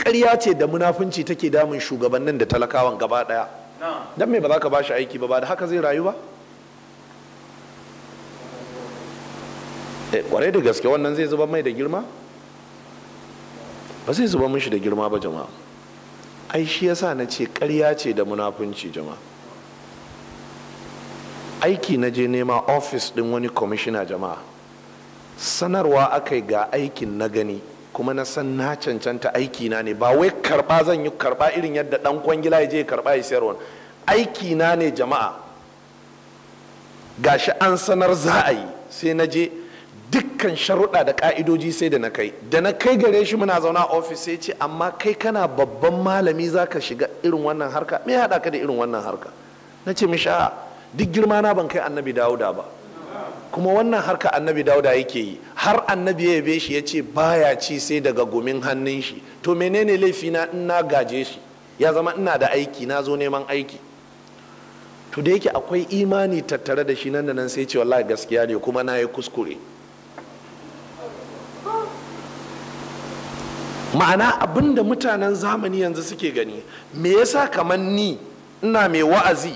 ƙarya ce da munafunci take damun shugabannin da talakawan gaba ɗaya don me ba za ka ba shi aiki ba ba da haka zai rayu ba eh, ƙwarai da gaske wannan zai zuba mai da girma ba zai zuba mishi da girma ba jama'a ai shi yasa na ce ƙarya ce da munafunci jama'a aiki na je nema ofis ɗin wani kwamishina jama'a sanarwa aka ga aikin na gani kuma na san na cancanta aikina ne ba wai karba zan yi karba irin yadda dan kwangila ya je karba ya sayarwa aiki na ne jama'a gashi an sanar za a yi sai na je dukkan sharuɗa da ka'idoji sai da na kai da na kai gare shi muna zauna ofis sai ce amma kai kana babban malami za ka shiga irin wannan harka me haɗa ka da irin wannan harka na ce mishi duk girma na ban kai annabi dawuda ba kuma wannan harka annabi dauda yake yi har annabi ya yabe shi ya ce baya ci sai daga gumin hannun shi to menene laifina in na gaje shi ya zama ina da aiki na zo neman aiki to da yake akwai imani tattare da shi nan da nan sai ce wallahi gaskiya ne kuma na yi kuskure ma'ana abinda mutanen zamani yanzu suke gani me yasa kamar ni ina mai wa'azi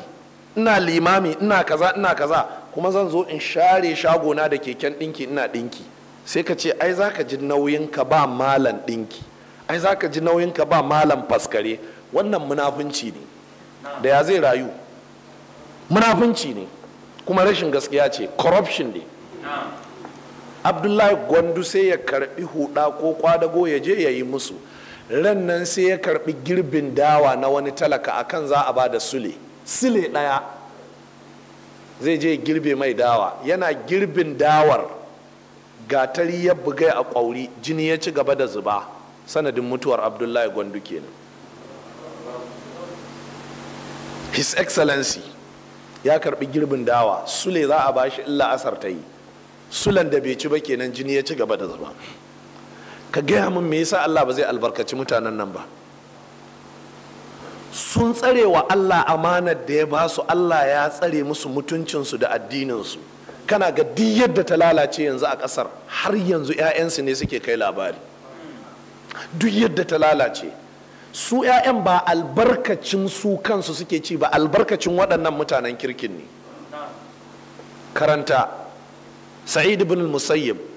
ina limami ina kaza ina kaza kuma zan zo in share shagona da keken ɗinki ina ɗinki sai ka ce ai za ka ji nauyin ka ba malan ɗinki ai za ka ji nauyin ka ba malan faskare wannan munafunci ne da ya zai rayu munafunci ne kuma rashin gaskiya ce corruption ne abdullahi gwandu sai ya karbi huda ko kwadago ya je ya yi musu ran nan sai ya karbi girbin dawa na wani talaka akan za a ba da sule sule ɗaya zai je girbe mai dawa yana girbin dawar gatari ya bugai a kwauri jini ya ci gaba da zuba sanadin mutuwar abdullahi gwandu kenan his excellency ya karbi girbin dawa sule za a bashi illa asar ta yi sulan da bai ci ba kenan jini ya ci gaba da zuba ka gaya min me yasa allah ba zai albarkaci mutanen nan ba sun tsare wa Allah amanar da ya ba su Allah ya tsare musu mutuncinsu da addininsu kana ga duk yadda ta lalace yanzu a ƙasar har yanzu 'ya'yansu ne suke kai labari duk yadda ta lalace su 'ya'yan ba albarkacin su kansu suke ci ba albarkacin waɗannan mutanen kirkin ne karanta sa'id ibn musayyib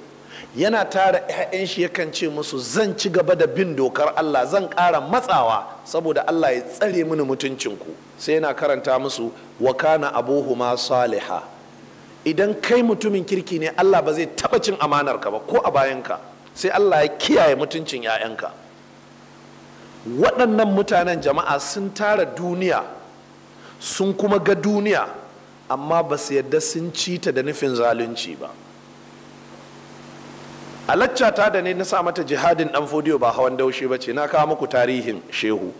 yana tara 'ya'yan shi yakan ce musu zan ci gaba da bin dokar Allah zan ƙara matsawa saboda Allah ya tsare mini mutuncinku sai yana karanta musu wa kana abuhuma saliha idan kai mutumin kirki ne Allah ba zai taba cin amanar ka ba ko a bayanka sai Allah ya kiyaye mutuncin 'ya'yanka waɗannan mutanen jama'a sun tara duniya sun kuma ga duniya amma ba su yadda sun ci ta da nufin zalunci ba a ta da ne na sa mata jihadin dan fodiyo ba hawan daushe ba ce na kawo muku tarihin shehu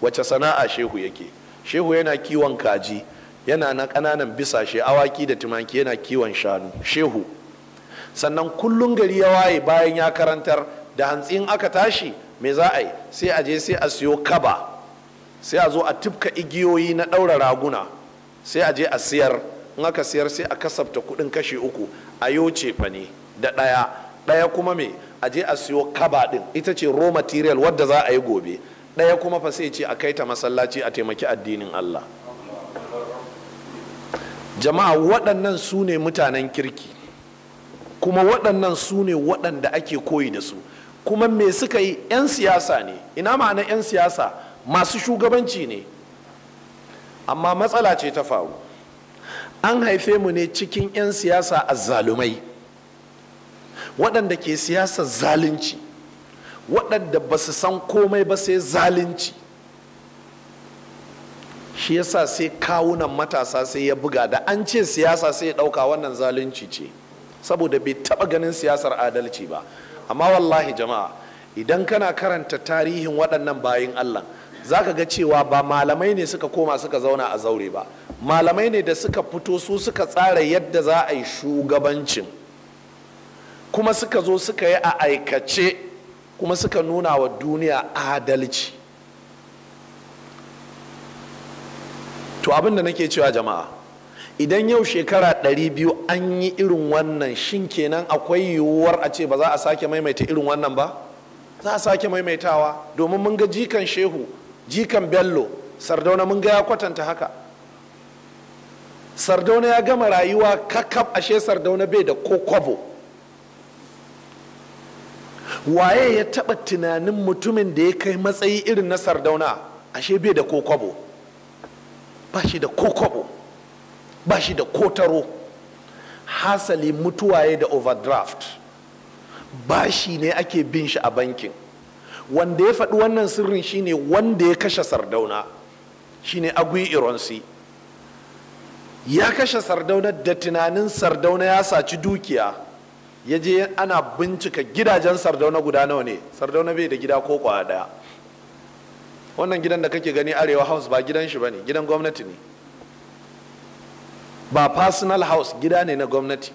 wace sana'a shehu yake shehu yana kiwon kaji yana na ƙananan bisashe awaki da tumaki yana kiwon shanu shehu sannan kullum gari ya waye bayan ya karantar da hantsin aka tashi me za a yi sai a je sai a siyo kaba sai a zo a tufka igiyoyi na ɗaura raguna sai a je a siyar in aka siyar sai a kasafta kuɗin kashe uku a yoce fa ne da ɗaya ɗaya kuma me a je a siyo kaba ɗin ita ce raw material wadda za a yi gobe ɗaya kuma fa sai ce a kai ta masallaci a taimaki addinin Allah jama'a waɗannan su ne mutanen kirki kuma waɗannan su ne waɗanda ake koyi da su kuma me suka yi 'yan siyasa ne ina ma'ana 'yan siyasa masu shugabanci ne amma matsala ce ta faru an haife mu ne cikin 'yan siyasa a zalumai. waɗanda ke siyasar zalunci waɗanda ba su san komai ba sai zalunci shi yasa sai kawunan matasa sai ya buga da an ce siyasa sai ya ɗauka wannan zalunci ce saboda bai taɓa ganin siyasar adalci ba amma wallahi jama'a idan kana karanta tarihin waɗannan bayin allah za ka ga cewa ba malamai ne suka koma suka zauna a zaure ba malamai ne da suka fito su suka tsara yadda za a yi shugabancin kuma suka zo suka yi a aikace kuma suka nuna wa duniya adalci to abin da nake cewa jama'a idan yau shekara 200 an yi irin wannan shin kenan akwai yiwuwar a ce ba za a sake maimaita irin wannan ba za a sake maimaitawa domin mun ga jikan shehu jikan bello sardauna mun ga ya kwatanta haka sardauna ya gama rayuwa kakab ashe sardauna bai da ko kwabo waye ya taɓa tunanin mutumin da ya kai matsayi irin na sardauna ashe bai da ko kwabo ba shi da ko kwabo ba shi da kotaro hasali mutuwaye da overdraft Ba shi ne ake bin shi a bankin wanda ya faɗi wannan sirrin shine wanda ya kashe sardauna shine agui ironsi ya kashe sardauna da tunanin sardauna ya saci dukiya ya je ana bincika gidajen sardauna guda nawa ne sardauna bai da gida ko kwaya daya wannan gidan da kake gani arewa house ba gidan shi ba ne gidan gwamnati ne ba personal house gida ne na gwamnati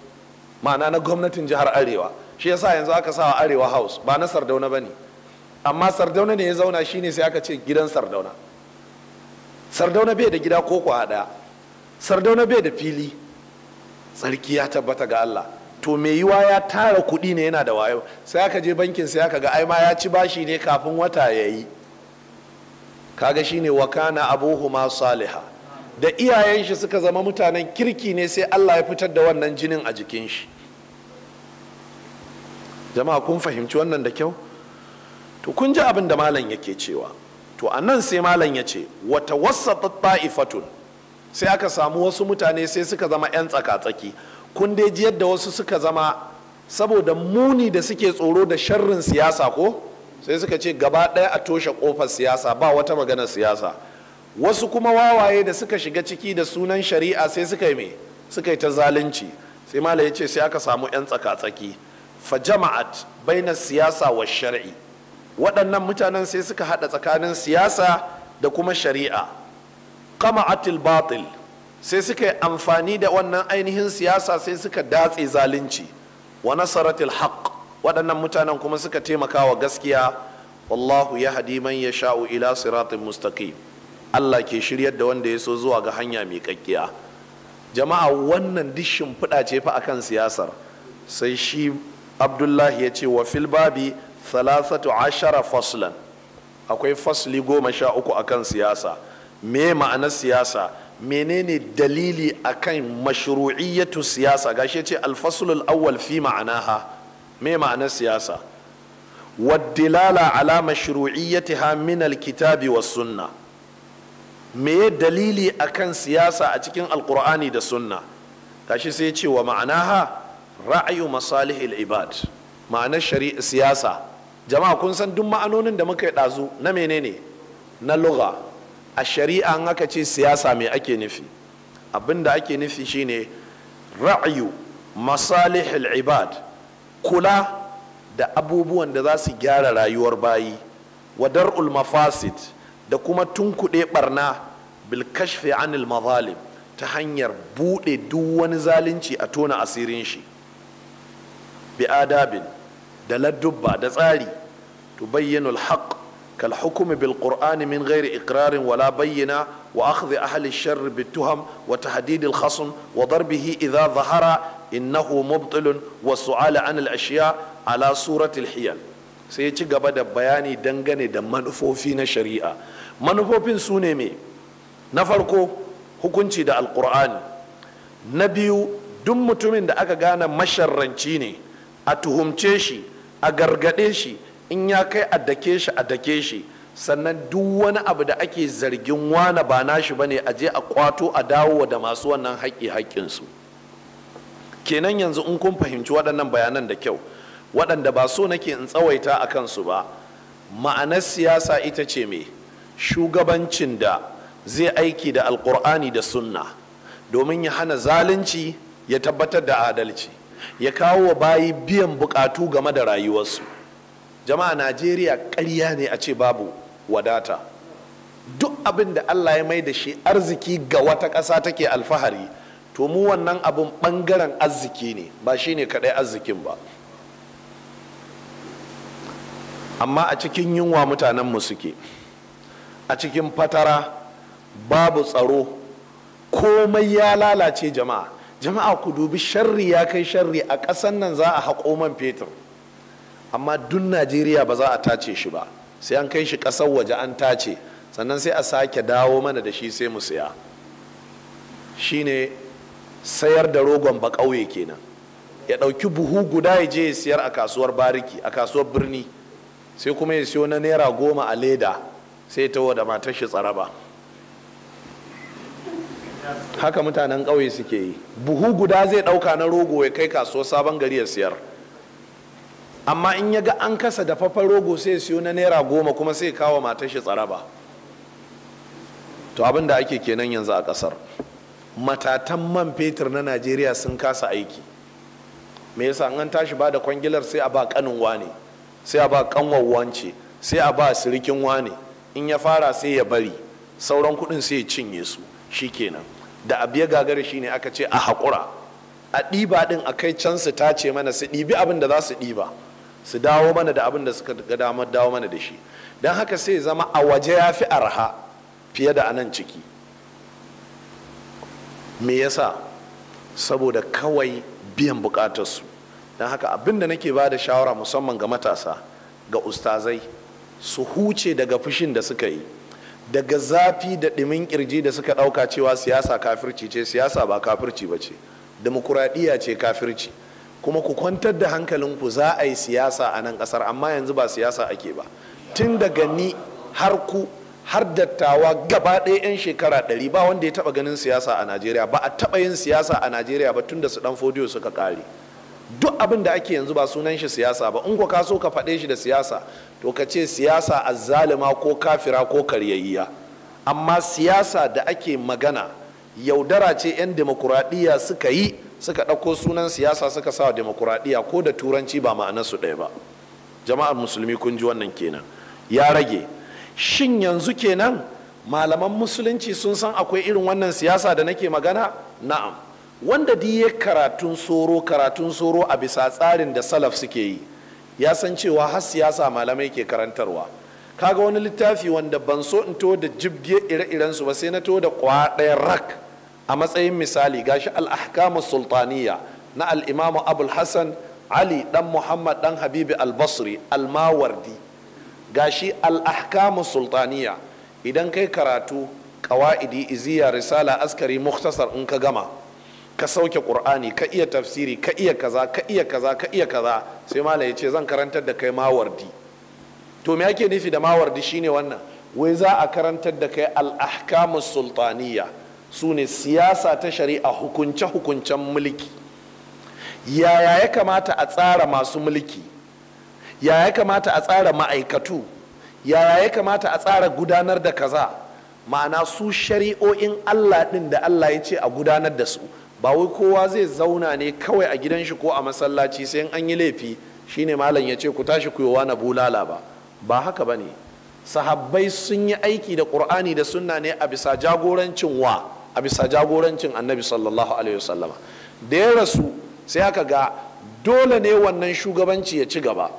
ma'ana na gwamnatin jihar arewa shi yasa yanzu aka wa arewa house ba na sardauna ba ne amma sardauna ne ya zauna shine sai aka ce gidan sardauna sardauna bai da gida ko kwaya daya sardauna bai da fili tsarki ya tabbata ga Allah to mai yiwa ya tara kuɗi ne yana da wayo sai aka je bankin sai aka ga ai ma ya ci bashi ne kafin wata ya yi kaga shine wa kana abuhuma saliha da iyayen shi suka zama mutanen kirki ne sai Allah ya fitar da wannan jinin a jikin shi jama'a kun fahimci wannan da kyau to kun ji abin da malam yake cewa to a sai malam ya ce wata wasa ta'ifatun sai aka samu wasu mutane sai suka zama 'yan tsaka-tsaki kun dai ji yadda wasu suka zama saboda muni da suke tsoro da sharrin siyasa ko sai suka ce gaba ɗaya a toshe ƙofar siyasa ba wata magana siyasa wasu kuma wawaye da suka shiga ciki da sunan shari'a sai suka yi suka yi ta zalunci sai malam ya ce sai aka samu 'yan tsaka-tsaki fa jama'at bainar siyasa wa shari'i waɗannan mutanen sai suka haɗa tsakanin siyasa da kuma shari'a kama atil batil sai suka yi amfani da wannan ainihin siyasa sai suka datse zalunci wa nasaratil haqq waɗannan mutanen kuma suka taimaka wa gaskiya wallahu ya hadi man ya sha'u ila siratin mustaqim Allah ke shiryar da wanda ya so zuwa ga hanya mai kakkiya jama'a wannan dishin fuda ce fa akan siyasar sai shi abdullahi ya ce wa fil babi thalathatu ashara faslan akwai fasli goma sha uku akan siyasa me ma'anar siyasa menene dalili akan mashru'iyyatu siyasa gashi ce alfasulul awwal fi ma'anaha me ma'anar siyasa waddilala ala mashru'iyyatiha min kitabi was sunna me dalili akan siyasa a cikin alqur'ani da sunna gashi sai ce wa ma'anaha ra'ayu masalihil ibad ma'anar shari'a siyasa jama'a kun san duk ma'anonin da muka yi dazu na menene na lugha a shari'a in aka ce siyasa me ake nufi abinda ake nufi shine ra'ayu masalihul ibad kula da abubuwan da za su gyara rayuwar bayi wadar mafasid da kuma tunkuɗe barna bil kashfi anil mazalim ta hanyar buɗe duk wani zalunci a tona asirin shi bi adabin da ladubba da tsari tubayyanul haqq kal hukumi bil qur'ani min ghairi iqrarin wala bayyana wa akhdhi ahli ash-sharr bit wa tahdid al wa darbihi idha dhahara innahu mubtilun wa su'al an al ashiya ala surati al hiyal sai ya ci gaba da bayani dangane da manufofi na shari'a manufofin sune mai. na farko hukunci da alkur'ani na biyu duk mutumin da aka gane masharranci ne a tuhumce shi a gargaɗe shi in ya kai a dake shi a dake shi sannan duk wani abu da ake zargin na ba nashi bane a je a kwato a dawo da masu wannan haƙƙi haƙƙinsu kenan yanzu in kun fahimci waɗannan bayanan da kyau waɗanda ba so nake in tsawaita a kansu ba ma'anar siyasa ita ce mai shugabancin da zai aiki da alƙur'ani da sunna domin ya hana zalunci ya tabbatar da adalci ya kawo bayi biyan buƙatu game da rayuwarsu jama'a najeriya karya ne a ce babu wadata duk abin da allah ya mai da shi arziki ga wata ƙasa take alfahari to mu wannan abin ɓangaren arziki ne ba shi ne kaɗai arzikin ba amma a cikin yunwa mutanenmu suke a cikin fatara babu tsaro komai ya lalace jama'a jama'a ku dubi sharri ya kai sharri a ƙasan nan za a haƙo man fetur amma duk najeriya ba za a tace shi ba sai an kai shi ƙasar waje an tace sannan sai a sake dawo mana da shi sai mu siya shine sayar da rogon ba ƙauye kenan ya ɗauki buhu guda ya je ya siyar a kasuwar bariki a kasuwar birni sai kuma ya siyo na naira goma a leda sai ta da matar shi tsaraba haka mutanen ƙauye suke yi buhu guda zai ɗauka na rogo ya kai kasuwar sabon gari ya siyar amma in ya ga an kasa da fafar rogo sai siyo na naira goma kuma sai kawo matar shi tsaraba to abin da ake kenan yanzu a kasar matatan man fetur na najeriya sun kasa aiki me yasa an tashi ba da kwangilar sai a ba kanin wane sai a ba kanwar wance sai a ba sirikin wane in ya fara sai ya bari sauran kudin sai ya cinye su shi kenan. da abu ya shi ne aka ce a haƙura a ɗiba ɗin a kai can su tace mana su ɗibi abin da za su ɗiba su dawo mana da abin da suka ga damar dawo mana da shi don haka sai zama a waje ya fi arha fiye da anan ciki me yasa saboda kawai biyan bukatarsu don haka abin da nake ba da shawara musamman ga matasa ga ustazai su huce daga fushin da suka yi daga zafi da ɗimin kirji da suka ɗauka cewa siyasa kafirci ce siyasa ba kafirci ba ce demokuraɗiyya ce kafirci kuma ku kwantar da hankalinku za a yi siyasa a nan kasar amma yanzu ba siyasa ake ba tun daga ni har ku har dattawa gaba ɗaya 'yan shekara ɗari ba wanda ya taɓa ganin siyasa a najeriya ba a taɓa yin siyasa a najeriya ba tun da su ɗan fodiyo suka ƙare duk abin da ake yanzu ba sunan shi siyasa ba in ku ka so ka faɗe shi da siyasa to ka ce siyasa azzalima ko kafira ko karyayya amma siyasa da ake magana yaudara ce 'yan demokuraɗiyya suka yi suka ɗauko sunan siyasa suka sa wa demokuraɗiyya ko da turanci ba su ɗaya ba jama'ar musulmi kun ji wannan kenan ya rage shin yanzu kenan malaman musulunci sun san akwai irin wannan siyasa da nake magana na'am wanda di ya karatun soro karatun soro a bisa tsarin da salaf suke yi ya san cewa har siyasa malamai ke karantarwa kaga wani littafi wanda ban so in to da jibge ire-irensu ba sai na to da kwa ɗaya rak a matsayin misali gashi al-ahkamu sultaniya na al-imamu abul hassan ali dan muhammad dan habibi al-basri al-mawardi gashi al sultaniya idan kai karatu kawa'idi iziya risala askari muktasar in ka gama ka sauke qur'ani ka iya tafsiri ka iya kaza ka iya kaza ka iya kaza sai malam ya ce zan karantar da kai mawardi to me ake nufi da mawardi shine wannan wai za a karantar da kai al-ahkamu sultaniya su ne siyasa ta shari'a hukunce-hukuncen mulki yaya ya kamata a tsara masu mulki yaya ya kamata a tsara ma'aikatu yaya ya kamata a tsara gudanar da kaza ma'ana su shari'o'in allah ɗin da allah ya ce a gudanar da su ba wai kowa zai zauna ne kawai a gidan shi ko a masallaci sai an yi laifi shine malam ya ce ku tashi ku wa na bulala ba ba haka ba ne sahabbai sun yi aiki da ƙur'ani da sunna ne a bisa jagorancin wa a bisa jagorancin annabi sallallahu alaihi wasallama da ya rasu sai aka ga dole ne wannan shugabanci ya ci gaba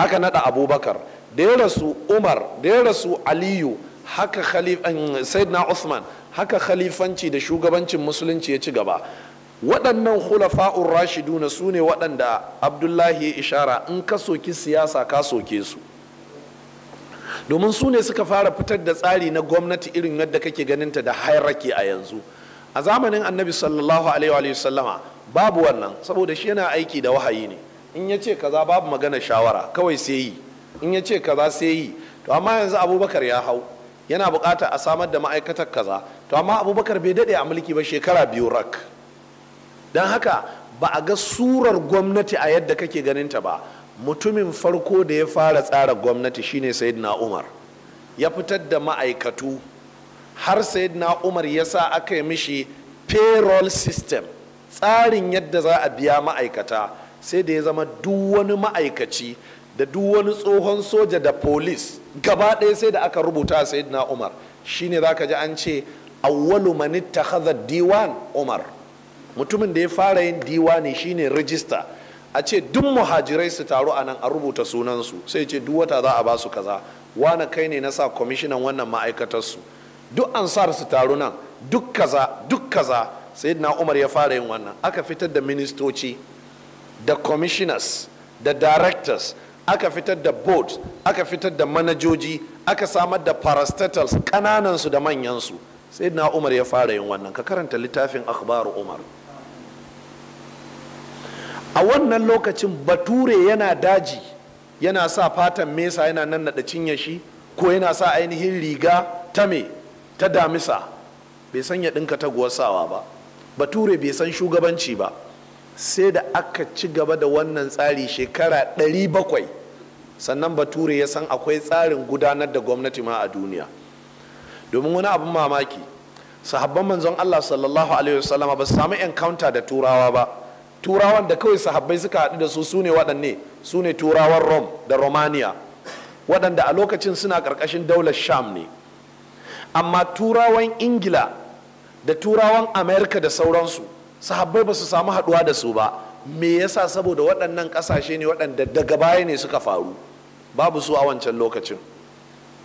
aka nada abubakar da ya rasu umar da ya rasu aliyu haka eh, sayyidina usman haka khalifanci da shugabancin musulunci ya ci gaba waɗannan hulafa'ur rashiduna su ne waɗanda abdullahi ya ishara in ka soki siyasa ka soke su domin su ne suka fara fitar da tsari na gwamnati irin yadda kake ganinta da hairaki a yanzu a zamanin annabi sallallahu alaihi sallama babu wannan saboda shi yana aiki da wahayi ne in ya ce kaza babu magana shawara kawai sai yi in ya ce kaza sai yi to amma yanzu abubakar ya hau yana bukata a samar da ma'aikatar kaza to amma abubakar bai dade a mulki ba shekara biyu rak don haka ba a ga surar gwamnati a yadda kake ganinta ba mutumin farko da ya fara tsara gwamnati shine sayyidina umar ya fitar da ma'aikatu har sayyidina umar ya sa aka yi mishi payroll system tsarin yadda za a biya ma'aikata sai da ya zama duk wani ma'aikaci da duk wani tsohon soja da polis gaba ɗaya sai da aka rubuta sayyidina umar shine za ka ji an ce awwalu man diwan umar mutumin da ya fara yin diwani shine rijista a ce duk muhajirai su taru a nan a rubuta sunansu sai ce duk wata za a ba su kaza wane kai ne na sa kwamishinan wannan ma'aikatarsu duk ansar su taru nan duk kaza duk kaza sai na umar ya fara yin wannan aka fitar da ministoci da commissioners da directors aka fitar da board aka fitar da manajoji aka samar da parastatals kananansu da manyansu sai na umar ya fara yin wannan ka karanta littafin akhbaru umar a wannan lokacin bature yana daji yana sa fatan mesa yana nan naɗa cinye shi ko yana sa ainihin riga ta me ta damisa bai san ya ɗinka taguwar sawa ba bature bai san shugabanci ba sai da aka ci gaba da wannan tsari shekara 700 sannan bature ya san akwai tsarin gudanar da gwamnati ma a duniya domin wani abin mamaki sahabban manzon allah sallallahu alaihi wasallama ba su samu encounter da turawa ba turawan da kawai sahabbai suka haɗu da su su ne waɗanne su turawan rom da romania waɗanda a lokacin suna ƙarƙashin daular sham ne amma turawan ingila da turawan amerika da sauransu sahabbai ba su samu haɗuwa da su ba me yasa saboda waɗannan ƙasashe ne waɗanda daga baya ne suka faru babu su a wancan lokacin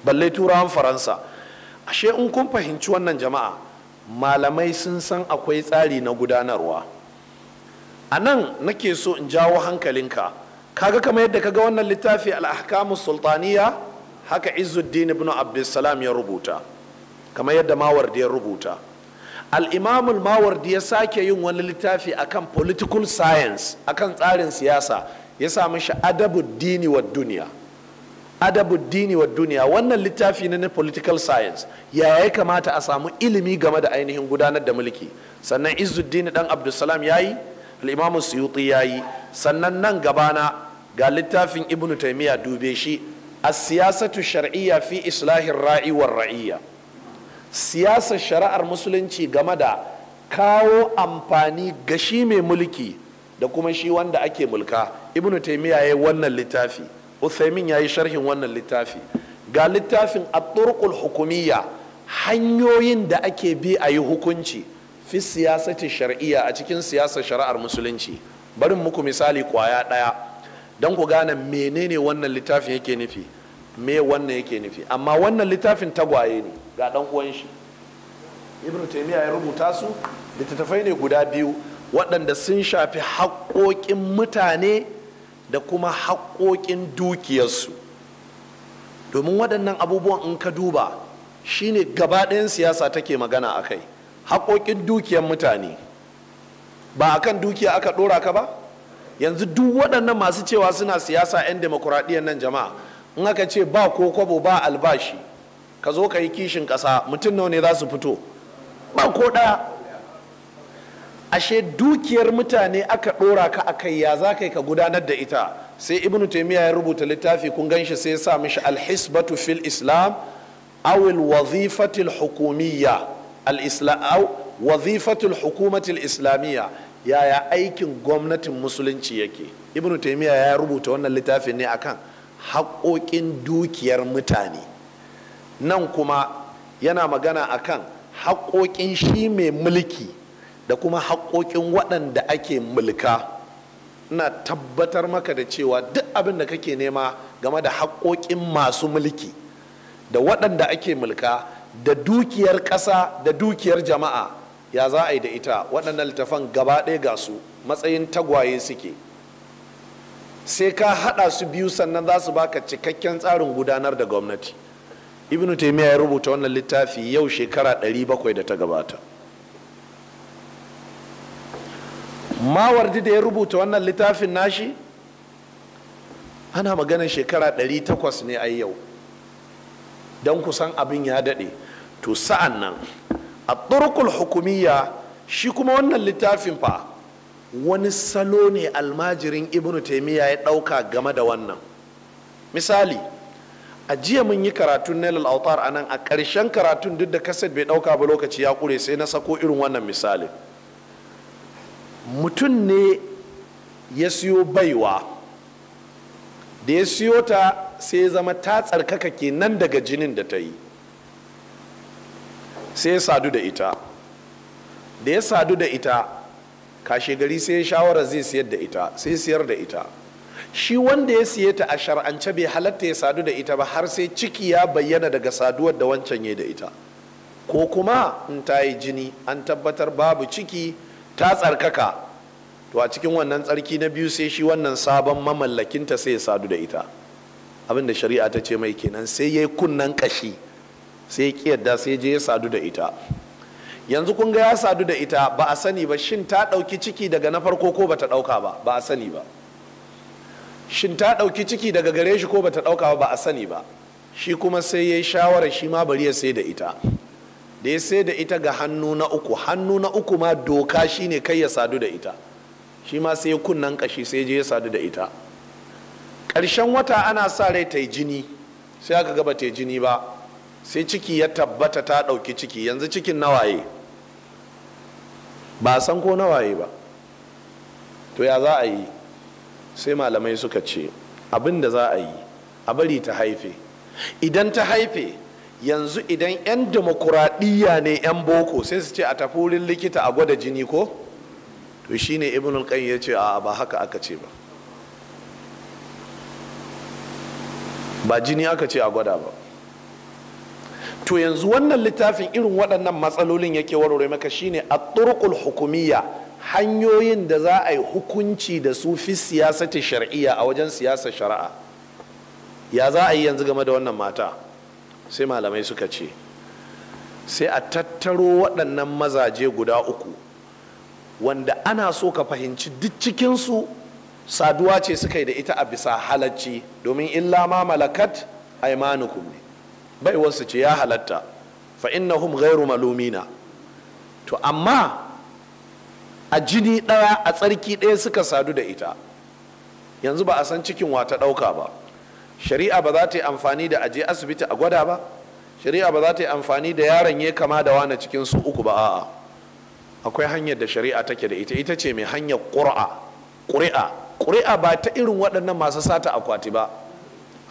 balle turawan faransa ashe in kun fahimci wannan jama'a malamai sun san akwai tsari na gudanarwa a nan nake so in jawo hankalinka kaga kama yadda kaga wannan littafi al'ahkamu sultaniya haka izuddin ibn abdussalam ya rubuta kama yadda mawardi ya rubuta al mawardi ya sake yin wani littafi akan political science akan tsarin siyasa ya sami mishi adabuddini wa duniya adabuddini wa duniya wannan littafi ne na political science ya ya kamata a samu ilimi game da ainihin gudanar da mulki sannan izuddin dan abdussalam yi? al-imamu suyuti yi sannan nan gabana ga littafin ibnu taimiyya dube shi a siyasatu shar'iyya fi islahin ra'i war ra'iyya siyasar shari'ar musulunci game da kawo amfani ga shi mai mulki da kuma shi wanda ake mulka Ibn ibnu ya yi wannan littafi uthaymin yi sharhin wannan littafi ga littafin at hukumiyya hanyoyin da ake bi a yi hukunci fi siyasati shar'iyya a cikin siyasar shari'ar musulunci barin muku misali kwaya ɗaya don ku gane menene wannan littafin yake nufi me wannan yake nufi amma wannan littafin tagwaye ne ga ɗan uwan shi ibnu taymiya ya rubuta su littattafai ne guda biyu waɗanda sun shafi haƙoƙin mutane da kuma haƙoƙin dukiyarsu domin waɗannan abubuwan in ka duba shine gaba ɗayan siyasa take magana a kai haƙoƙin dukiyar mutane ba a kan dukiya aka ɗora ka ba yanzu duk waɗannan masu cewa suna siyasa 'yan demokuraɗiyyar nan jama'a in aka ce ba ko kwabo ba albashi ka zo ka yi kishin ƙasa mutum nawa ne za su fito ba ko ɗaya ashe dukiyar mutane aka ɗora ka a kai ya za ka ka gudanar da ita sai ibnu taimiyya ya rubuta littafi kun gan shi sai ya sa mishi alhisbatu fil islam awil wazifatil hukumiyya al-islam wazifatul hukumatul islamiyya yaya aikin gwamnatin musulunci yake ibnu taimiyya ya rubuta wannan littafin ne akan haƙoƙin dukiyar mutane nan kuma yana magana akan haƙoƙin shi mai mulki da kuma haƙoƙin waɗanda ake mulka ina tabbatar maka da cewa duk abin da kake nema game da haƙoƙin masu mulki da waɗanda ake mulka da dukiyar ƙasa da dukiyar jama'a ya za a yi da ita waɗannan littafan gaba ɗaya ga su matsayin tagwaye suke sai ka haɗa su biyu sannan za su baka cikakken tsarin gudanar da gwamnati ibn taimiyya ya rubuta wannan littafi yau shekara 700 da ta gabata mawardi da ya rubuta wannan littafin nashi ana maganar shekara 800 ne a yau don kusan abin ya daɗe to sa'an nan a turkul hukumiyya shi kuma wannan littafin fa wani salo ne almajirin ibnu taimiyya ya ɗauka game da wannan misali a jiya mun yi karatun na autar a nan a ƙarshen karatun duk da kaset bai ɗauka ba lokaci ya ƙure sai na sako irin wannan misali mutum ne ya siyo baiwa da ya siyo ta sai ya zama ta tsarkaka kenan daga jinin da ta yi sai ya sadu da ita da ya sadu da ita kashe gari sai ya shawara zai siyar da ita sai siyar da ita shi wanda ya siye ta a shar'ance bai halatta ya sadu da ita ba har sai ciki ya bayyana daga saduwar da wancan ya da ita ko kuma in ta yi jini an tabbatar babu ciki ta tsarkaka to a cikin wannan tsarki na biyu sai shi wannan sabon mamallakinta sai ya sadu da ita abin da shari'a ta ce mai kenan sai ya yi kunnen kashi sai ya yadda sai je ya sadu da ita yanzu kun ga ya sadu da ita ba a sani ba shin ta ɗauki ciki daga na farko ko ba ta ɗauka ba ba a sani ba shin ta ɗauki ciki daga gare shi ko ba ta ɗauka ba ba a sani ba shi kuma sai ya yi shawara, shi ma bari ya sai da ita da ya sai da ita ga hannu na uku hannu na uku ma doka shine kai ya sadu da ita shi ma sai ya kunnen kashi sai je ya sadu da ita ƙarshen wata ana sa rai ta yi jini sai aka gaba ta yi jini ba sai ciki ya tabbata ta ɗauki ciki yanzu cikin nawaye ba san ko nawaye ba to ya za a yi sai malamai suka ce abin da za a yi a bari ta haife idan ta haife yanzu idan 'yan demokuraɗiyya ne 'yan boko sai su ce a tafi wurin likita a gwada jini ko to shine ibn al ya ce a ba haka aka ce ba ba jini aka ce a gwada ba to yanzu wannan littafin irin waɗannan matsalolin yake warware maka shine a turkul hukumiyya hanyoyin da za a yi hukunci da su fi siyasati shari'a a wajen siyasa shari'a ya za a yi yanzu game da wannan mata sai malamai suka ce sai a tattaro waɗannan mazaje guda uku wanda ana so ka fahimci duk cikinsu saduwa ce suka yi da ita a bisa halacci domin illa ma malakat aimanukum ne bai wasu ce ya halatta fa innahum ghairu malumina to amma a jini ɗaya a tsarki ɗaya suka sadu da ita yanzu ba a san cikin wata ɗauka ba shari'a ba za ta yi amfani da aje asibiti a gwada ba shari'a ba za ta yi amfani da yaron ya kama da wani cikin su uku ba a'a akwai hanyar da shari'a take da ita ita ce mai hanyar ƙuri'a ƙuri'a ba ta irin waɗannan masu sata akwati ba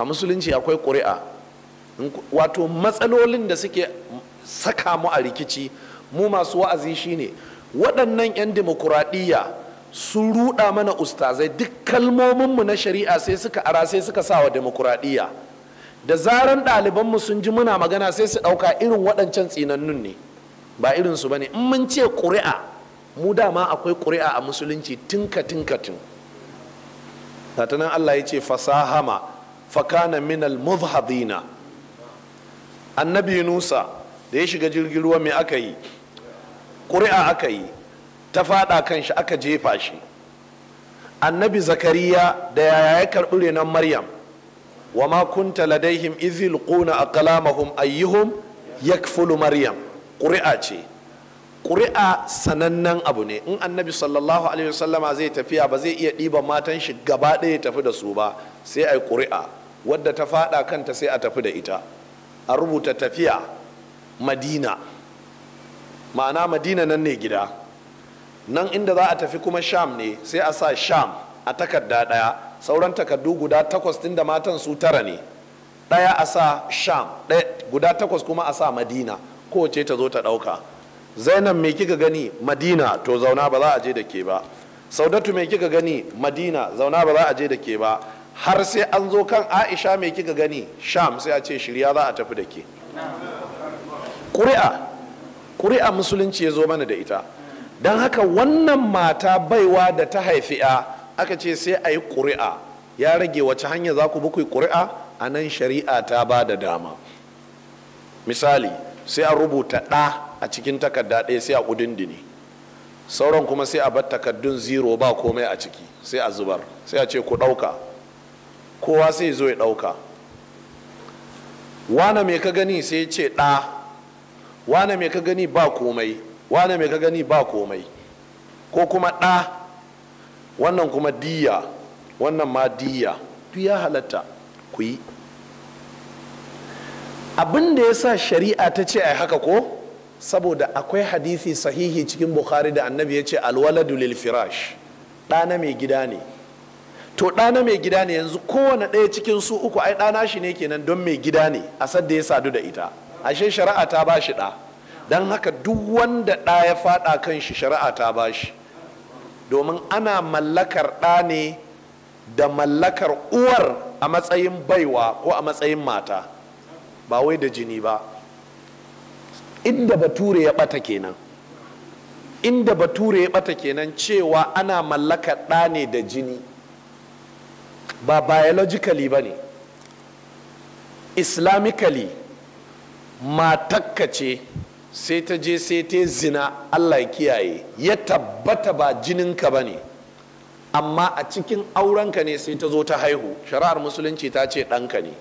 a musulunci akwai ƙuri'a wato matsalolin da suke saka mu a rikici mu masu wa'azi shine waɗannan 'yan dimokuraɗiyya sun ruɗa mana ustazai duk kalmominmu na shari'a sai suka ara sai suka sa wa dimokuraɗiyya da zaran ɗalibanmu sun ji muna magana sai su ɗauka irin waɗancan tsinannun ne ba irinsu ba ne in mun ce ƙuri'a mu dama akwai ƙuri'a a musulunci tinka tinka tinka ga nan allah ya ce fasahama fakana minal muzhadina annabi nusa da ya shiga jirgin ruwa mai aka yi ƙuri'a aka yi ta faɗa kan shi aka jefa shi annabi zakariya da yaya ya karɓi renon maryam wa ma kunta ladaihim izil quna aqlamahum ayyuhum yakfulu maryam ƙuri'a ce ƙuri'a sanannen abu ne in annabi sallallahu alaihi wasallama zai tafiya ba zai iya ɗiba matan shi gaba ɗaya tafi da su ba sai a yi ƙuri'a wadda ta faɗa kanta sai a tafi da ita a rubuta tafiya madina ma'ana madina nan ne gida nan inda za a tafi kuma sham ne sai a sa sham a takarda ɗaya sauran takardu guda takwas tun da matan su tara ne ɗaya a sa sham guda takwas kuma a sa madina kowace ta zo ta ɗauka zainab me kika gani madina to zauna ba za a je da ke ba saudatu me kika gani madina zauna ba za a je da ke ba har sai an zo kan aisha me kika gani sham sai a ce shirya za a tafi da ke ƙuri'a ƙuri'a musulunci ya zo mana da ita don haka wannan mata baiwa da ta haifi a aka ce sai a yi ƙuri'a ya rage wace hanya za ku bi ƙuri'a a nan shari'a ta ba da dama misali sai a rubuta ɗa a cikin takarda ɗaya sai a ƙudindini sauran kuma sai a bar takardun zero ba komai a ciki sai a zubar sai a ce ku ɗauka kowa sai zo ya ɗauka wane mai ka gani sai ya ce ɗa wane mai ka gani ba komai wane mai ka gani ba komai ko kuma ɗa wannan kuma diya wannan ma diya duk ya halatta ku yi abin da ya sa shari'a ta ce a haka ko saboda akwai hadisi sahihi cikin bukhari da annabi ya ce alwaladu lil firash ɗana mai gida ne to ɗana mai gida ne yanzu kowane ɗaya cikin su uku ai ɗana shi ne kenan don mai gida ne a sadda ya sadu da ita ashe shari'a ta ba shi ɗa don haka duk wanda ɗa ya faɗa kan shi shari'a ta ba shi domin ana mallakar ɗa ne da mallakar uwar a matsayin baiwa ko a matsayin mata ba wai da jini ba inda bature ya bata kenan inda bature ya bata kenan cewa ana mallaka ɗa ne da jini ba biologically ba ne islamically matakka ce sai ta je sai ta zina allah ya kiyaye ya tabbata ba jininka ba ne amma a cikin aurenka ne sai ta zo ta haihu shari'ar musulunci ta ce ɗanka ne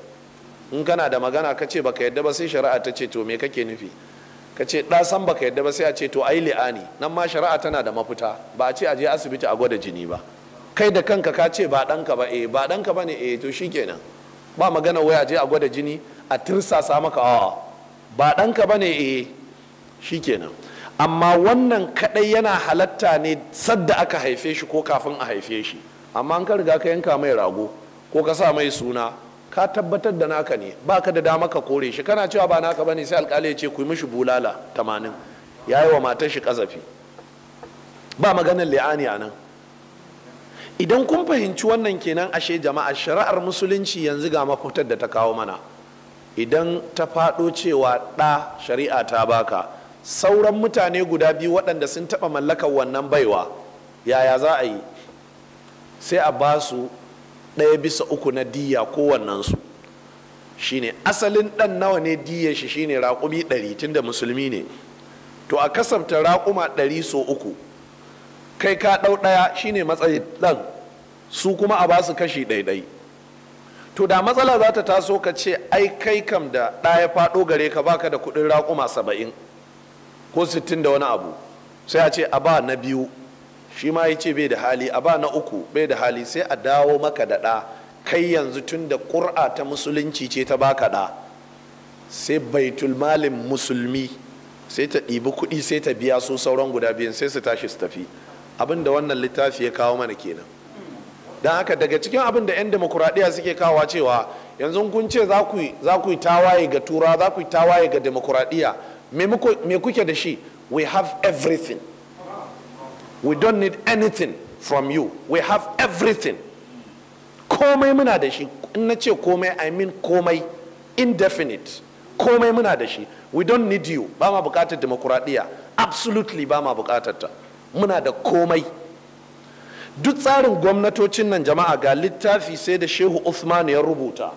in kana da magana ka ce ka yadda ba sai shari'a ta ce to me kake nufi ka ce ɗasan san baka yadda ba sai a ce to ai li'ani nan ma shari'a tana da mafita ba a ce a je asibiti a gwada jini ba kai da kanka ka ce ba ɗanka ba eh ba ɗanka ba ne eh to shikenan ba magana wai a je a gwada jini a tirsasa maka awa. ba ɗanka ba ne eh shikenan amma wannan kaɗai yana halatta ne sadda aka haife shi ko kafin a haife shi amma an ka riga ka yanka mai rago ko ka sa mai suna ka tabbatar da naka ne baka da dama ka kore shi kana cewa ba naka ne sai alkali ya ce ku yi mishi bulala tamanin ya yi wa matar shi kazafi ba maganar li'ani a nan idan kun fahimci wannan kenan ashe jama'a shari'ar musulunci yanzu ga mafitar da ta kawo mana idan ta faɗo cewa ɗa shari'a ta baka sauran mutane guda biyu waɗanda sun taɓa mallakar wannan baiwa yaya za a yi sai a ba su ɗaya bisa uku na diya kowannensu shine asalin ɗan nawa ne diya shi shine raƙumi ɗari tunda musulmi ne to a kasafta raƙuma ɗari so uku kai ka ɗau ɗaya shine matsayin ɗan su kuma a basu kashi ɗaiɗai to da matsala za ta taso ka ce ai kai kam da ɗaya faɗo gare ka baka da kuɗin raƙuma saba'in ko sittin da wani abu sai a ce a ba na biyu shi ma ya ce bai da hali a ba na uku bai da hali sai a dawo maka da ɗa kai yanzu tun da ƙura ta musulunci ce ta baka ɗa sai baitul malin musulmi sai ta ɗibi kuɗi sai ta biya su sauran guda biyan sai su tashi su tafi abin da wannan littafi ya kawo mana kenan don haka daga cikin abin da 'yan demokuraɗiyya suke kawo cewa yanzu kun ce za ku yi tawaye ga tura za ku yi tawaye ga demokuraɗiyya me kuke da shi we have everything we don't need anything from you we have everything komai muna da shi in na ce komai i mean komai indefinite komai muna da shi we don't need you ba ma bukatar demokuraɗiyya absolutely ba ma bukatar ta muna da komai duk tsarin gwamnatocin nan jama'a ga littafi sai da shehu usman ya rubuta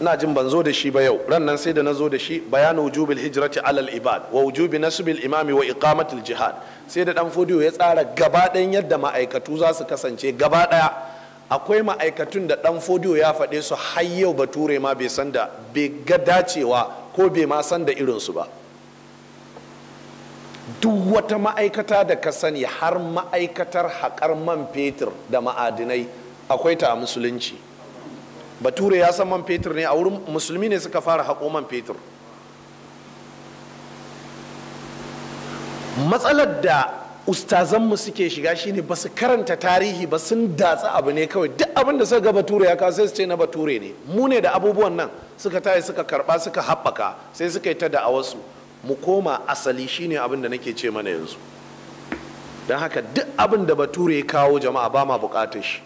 ina jin ban zo da shi ba yau ran nan sai da na zo da shi bayan wujubil hijrati alal ibad wa wujubi nasbil imami wa iqamatil jihad sai da dan fodiyo ya tsara gaba ɗayan yadda ma'aikatu za su kasance gaba ɗaya akwai ma'aikatun da dan fodiyo ya faɗe su har yau ture ma bai san da bai ga dacewa ko bai ma san da irin su ba duk wata ma'aikata da ka sani har ma'aikatar haƙar man fetur da ma'adinai akwai ta musulunci bature ya san man fetur ne a wurin musulmi ne suka fara haƙo man fetur matsalar da ustazanmu suke shiga shine ba su karanta tarihi ba sun datsa abu ne kawai duk abin da suka ga bature ya kawo sai su ce na bature ne mu ne da abubuwan nan suka tayi suka karba suka haɓaka sai suka yi ta da wasu mu koma asali shine abin da nake ce mana yanzu don haka duk abin da bature ya kawo jama'a ba ma bukatar shi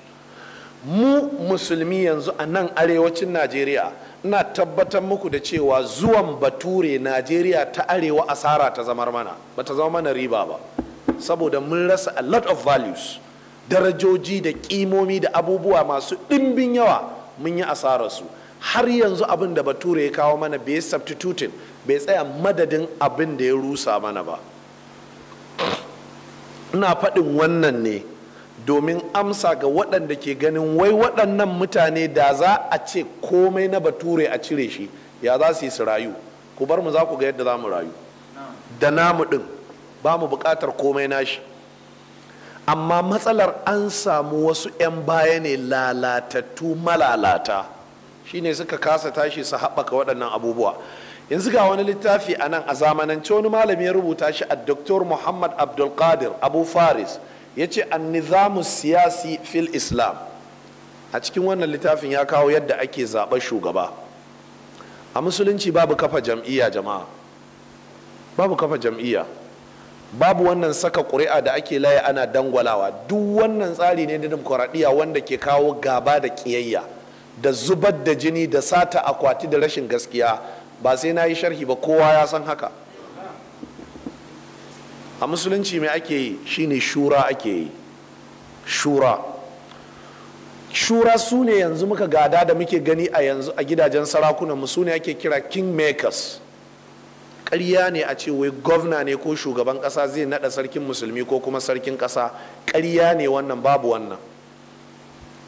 mu musulmi yanzu a nan arewacin najeriya ina tabbatar muku da cewa zuwan bature najeriya ta arewa asara ta zamar mana ba ta zama mana riba ba saboda mun rasa a lot of values darajoji da kimomi da abubuwa masu ɗimbin yawa mun yi su. har yanzu abin da bature ya kawo mana bai substituting bai tsaya madadin abin da ya rusa mana ba ina faɗin wannan ne domin amsa ga waɗanda ke ganin wai waɗannan mutane da za a ce komai na bature a cire shi ya za su yi su rayu ku bar mu za ku ga yadda za mu rayu da namu ɗin ba mu buƙatar komai nashi amma matsalar an samu wasu 'yan baya ne lalatattu malalata shine suka kasa tashi su haɓaka waɗannan abubuwa yanzu ga wani littafi a nan a zamanance wani malami ya rubuta shi a dr muhammad abdulkadir abu faris ya ce nizamu siyasi fil islam a cikin wannan littafin ya kawo yadda ake zaɓar shugaba a musulunci babu kafa jam'iyya jama'a babu kafa jam'iyya babu wannan saka ƙuri'a da ake laye ana dangwalawa duk wannan tsari ne na demokuraɗiyya wanda ke kawo gaba da ƙiyayya da zubar da jini da sata akwati da rashin gaskiya ba sai na yi sharhi ba kowa ya san haka a musulunci mai ake yi shine shura ake yi shura shura su ne yanzu muka gada da muke gani a yanzu a gidajen sarakunan su ne ake kira king-makers. ƙarya ne a ce wai gwamna ne ko shugaban ƙasa zai naɗa sarkin musulmi ko kuma sarkin ƙasa ƙarya ne wannan babu wannan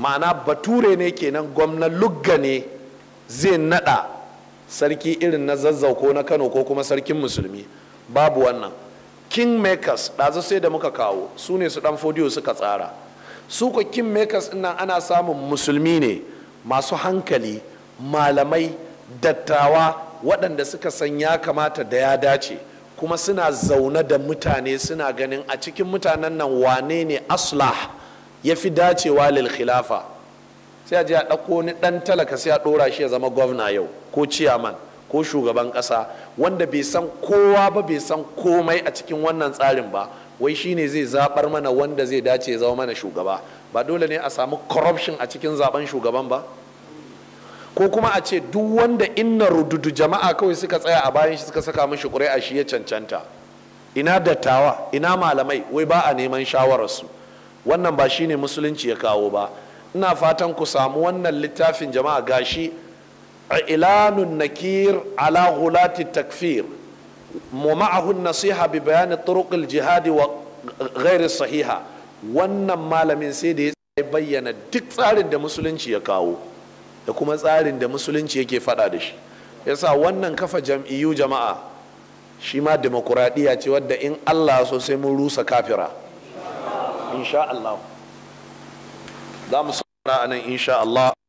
ma'ana bature ne kenan gwamna lugga ne zai naɗa sarki irin na zazzau ko na kano ko kuma sarkin musulmi babu wannan kingmakers ɗazu sai da muka kawo su ne su ɗan fodiyo suka tsara su ko kingmakers nan ana samun musulmi ne masu hankali malamai dattawa waɗanda suka san ya kamata da ya dace kuma suna zaune da mutane suna ganin a cikin mutanen nan wane ne aslah ya fi dacewa lil khilafa sai a ji a ɗauko ni ɗan talaka sai a ɗora shi ya zama gwamna yau ko ciyaman ko shugaban kasa, wanda bai san kowa ba bai san komai a cikin wannan tsarin ba wai shine zai zabar mana wanda zai dace zama mana shugaba ba dole ne a samu corruption a cikin zaben shugaban ba ko kuma a ce duk wanda inna rududu jama'a kawai suka tsaya a bayan shi suka saka mishi ƙuri'a shi ya cancanta ina dattawa ina malamai wai ba a neman shawararsu wannan ba shine musulunci ya kawo ba ina fatan ku samu wannan littafin jama'a gashi ilanun nakir ala hulati takfir ومعه النصيحة ببيان طرق الجهاد وغير الصحيحة wannan malamin sai da ya bayyana duk tsarin da musulunci ya kawo da kuma tsarin da musulunci yake fada da shi yasa wannan kafa jam'iyyu jama'a shi ma demokuraɗiyya ce wadda in allah so sai mun rusa kafira insha allah za mu saurara a nan insha allah